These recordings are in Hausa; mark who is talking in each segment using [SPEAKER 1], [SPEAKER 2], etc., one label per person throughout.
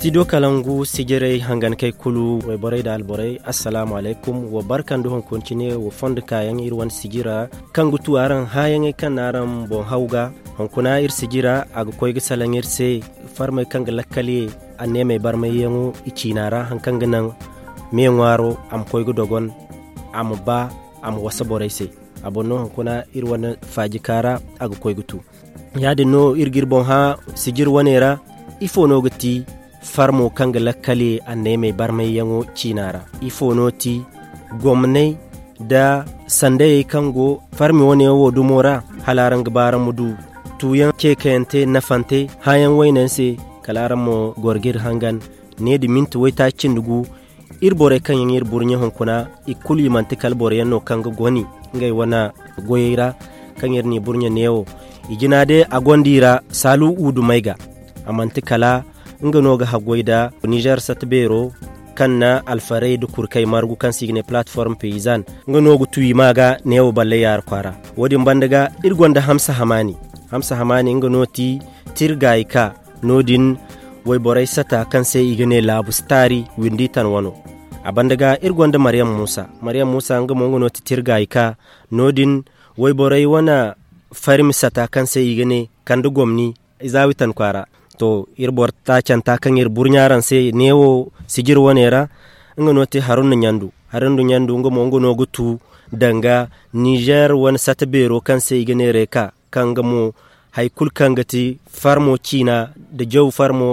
[SPEAKER 1] studio kalangu sijirai hangan kai kulu wai borai da alborai assalamu alaikum wa barkan duhun kuncine wa fond kayan irwan sigira e kan gutu aran hayan kan aran bon hauga hankuna ir sigira aga koy ir se farmai kan ga lakkale anne mai barmai yango icinara hankan nan me ngwaro am koy dogon am ba am wasa borai se abonno hankuna irwan fajikara aga koy gutu yadin no irgir bon ha sigir wanera ifo no farmo kanga lakkale bar barmai yango cinara ifonoti gomnai da sandaye kango farmi woni wo dumora halaran bara mudu tuyan na nafante hayan wainanse kalaran mo gorgir hangan nedi minti waita cindugu irbore kan yan irburnye honkuna ikul yimanti kalbore yano kanga goni ngai wana goyira kan yarni burnye newo ijinade agondira salu udu maiga amanti kala ngenoga hagoyda niger satbero kanna da kurkai margu kan signe platform paysan ngenogu tuyi maga newo balle yar kwara wodi bandaga irgonda hamsa hamani hamsa hamani ngenoti tirgay ka nodin way boray sata kan sai igane labu stari windi tan wano a bandaga irgonda maryam musa maryam musa nga mo ngonoti tirgay ka nodin way boray wana farim sata kan sai igane kandu gomni izawitan kwara to ir bor ta canta kan ir burnyaran sai newo sigir wonera nga noti harun nyandu harun nyandu nga mongo ngono gutu danga niger won satbero kan sai igenere reka kan ga mo hay kul kan gati farmo china da jaw farmo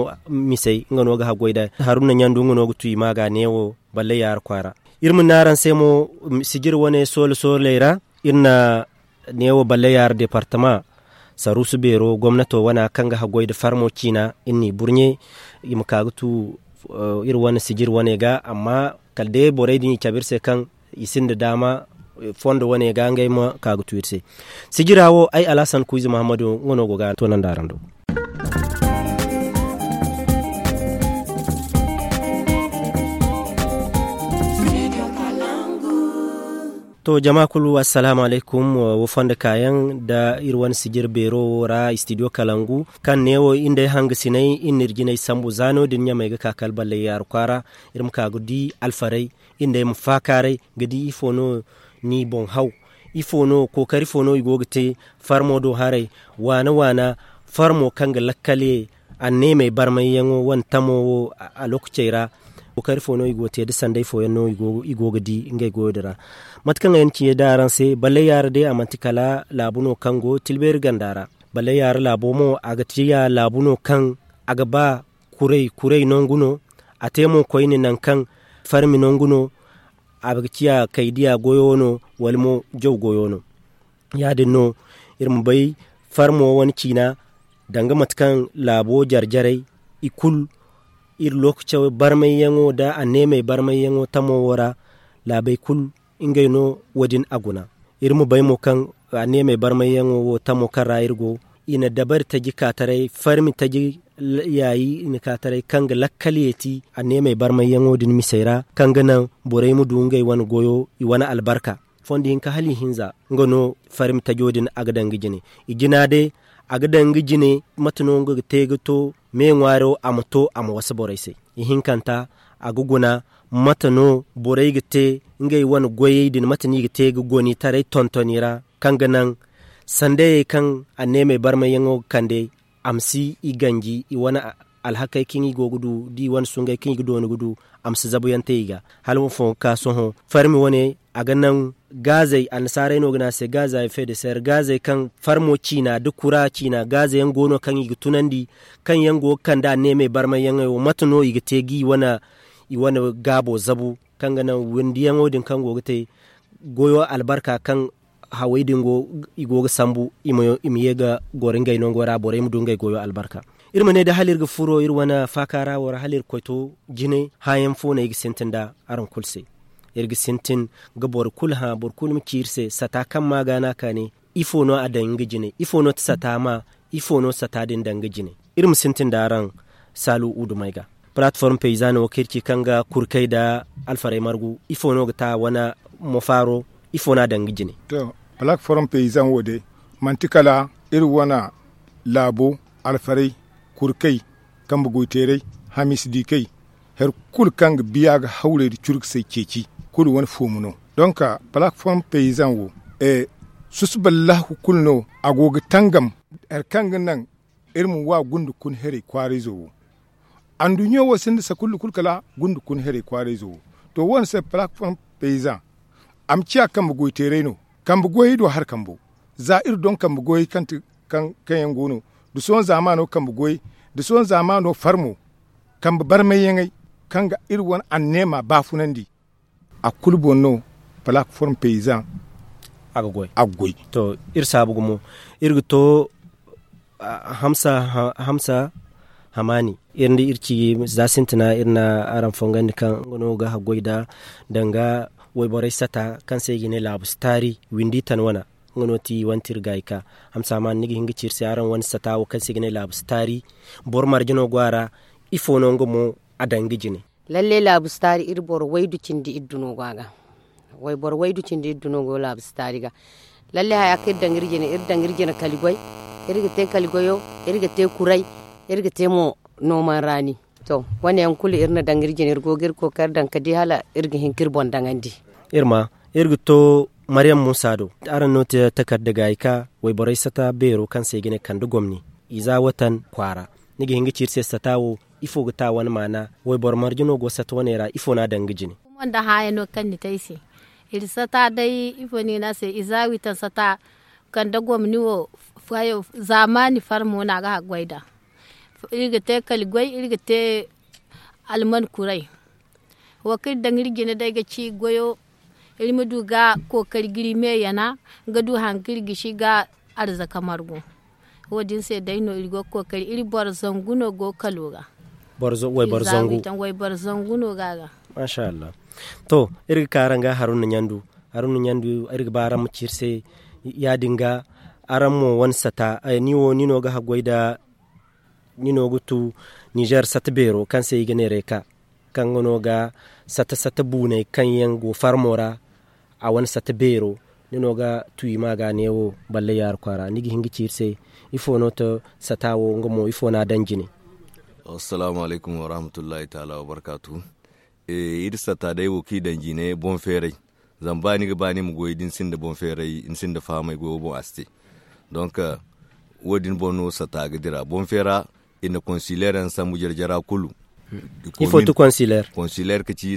[SPEAKER 1] misai nga no ga hagoida harun nyandu nga no gutu imaga newo balle yar kwara irmu naran sai mo sigir wane sol solera irna newo balle yar departement sarusu bero gwamnato wana kanga da farmo cina inni burnye ima kagutu uh, eh, ir sigir sijir wane ga amma kalde borai dini kabir sai kan isin da dama eh, fondo wane ga ngai ma kagutu irse sijirawo ai alasan kuizi mahamadu ngono goga tonan to to jama kulu assalamu alaikum wo kayan da irwan sigir bero ra studio kalangu kan newo inda ya hanga sinai inir ginai sambu zano din ya mai ga kakal balle yar kwara irim ka gudi alfarai inda mu fakare gadi ifono ni bon hau ifono kokari fono igogite farmo do hare wana wana farmo kanga lakkale anne mai barmayen wan tamo a lokacin kar fo no igo te de sande fo no igo igo gidi nge go dira matkan en ki daran se balle yar de amantikala labuno kango tilber gandara balle yar labomo aga tiya labuno kan aga ba kurei kurei nonguno atemo koyne nan kan farmi nonguno aga tiya kaidiya goyono walmo jow goyono yadin no irin bai farmo wani cina danga matkan labo jarjarai ikul ir lokacin barmai yango da a neme barmai yango ta mawara labai kul ingay no wajen aguna ir mu bai kan a neme barmai yango ta tamo kan rayir go ina dabar ta ji katarai farmi ta ji yayi ina katarai ya lakkaliyeti a neme barmai yango din misaira kanga nan borai mu dungai wani goyo i wani albarka fondi hinka hali hinza ngono farmi ta jodin agadan gijine ijina dai agadan jini matano ngo tegato meŋwaro ama to ama wasa boraise ihinkanta aguguna matano borai gite ngai wani goye din matani gite goni tontonira kan ganan kan anne mai barma yango kande amsi iganji i wani alhakai kin yi di wani sungai kin gudu wani gudu amsi zabu yanta iga halin fon ka farmi wani a ganan gazai a nasara no gna sai gaza ya fede sayar gazai kan farmo cina duk kura cina gaza yan gono kan yi tunan di kan yan yango kan da ne mai barman yan yo matuno igi gi wana i wana gabo zabu kan gana wundi yan odin kan go gite goyo albarka kan hawai dingo igo sambu imo imiye ga gorin gai non gora bore mu dungai goyo albarka irma ne da halir ga furo wana fakara war halir koito jine hayan fona igi sentinda aron kulsi irgi sintin ga borkul ha borkul mu kirse sata kan magana ne ifo no adan ga jine ifo no sata ma ifo no sata din dan ga jine irin sintin daran salu udu maiga platform paysano kirki kanga kurkai da alfarai margu ifo no ta wana mofaro ifo na dan ga to platform paysan wode mantikala irin wana labo alfarai kurkai kan bugoiterai hamis dikai har kul kang ga haure curuk sai keki kulu wani fomuno ka platform paysan wo e eh, susubal lahu a agogi tangam er kangin nan irmu wa gundu kun heri kwari zo andu wa sinda sa kullu kulkala gundu kun heri kwari zo to wani se platform paysan am ciya kan bugoy reno. kan bugoy do har bu za'ir don kan bugoy kan kan kan gono du son zamano kan bugoy du son zamano farmo kan bar mai yangai kan ga irwan annema bafunandi a kulbono platform paysan agoy agoy to ir sabugumo irga to hamsa hamsa hamani irin irci za zasintina irna aran fongani kan gono ga hagoida danga wai borai sata kan sai gine labu stari windi tan wana gono ti wantir gaika hamsa man nigi hingi cirse aran wan sata kan sai gine labu stari bor marjino gwara ifo no ngomo adangi jini lalle labustari iri bor waydu di idduno gaga wai bor waydu di idduno go labustari ga lalle haya kir dangirjene ir dangirjene kaligoy irga te kaligoyo irga te kurai irga te mo noman rani to wani yan kulu irna ne irgo girko kar dan kadi hala irga hin kirbon dangandi irma irga to maryam do ara note daga gaika wai boraisata bero kan gine kandu gomni iza watan kwara nige hingi cirse satawo ifo gita wani mana wai bar marjino go sat wani ra ifo na dangi jini wanda haya no kan ni ta taisi irsa ta dai ifo ni na sai izawi ta sata kan da gwamni wo fayo zamani far mu na ga gwaida irga te gwai irga te alman kurai wakil da ngirgine dai ga ci goyo ilmudu ga kokari giri me yana ga du hankir gishi ga arzaka margo wajin sai daino irgo kokari iri bar zanguno go kaloga barzo way barzangu tan barzangu no gaga masha Allah to karan ga harun nyandu harun nyandu bara mu cirse ya dinga aran mu wansa sata eh, ni wo ni no ga hagoida ni no gutu Niger satbero kan sai gane reka kan gano ga sata sata bune kan yan go farmora a wani sata bero ni no ga tuyi ma ga ne wo balle yar kwara ni gi hingi cirse ifo no to satawo ngomo ifo na danjini assalamu alaikum wa rahmatullahi ta'ala wa barkatu e irsa ta dai woki dangi ne bon fere zambani bani ga bani mu sin da bon fere in sin da fama go bon aste donc eh, wodin bono sa ta gidira bon fera ina consilaire en samu jarjara kulu il faut tout consulaire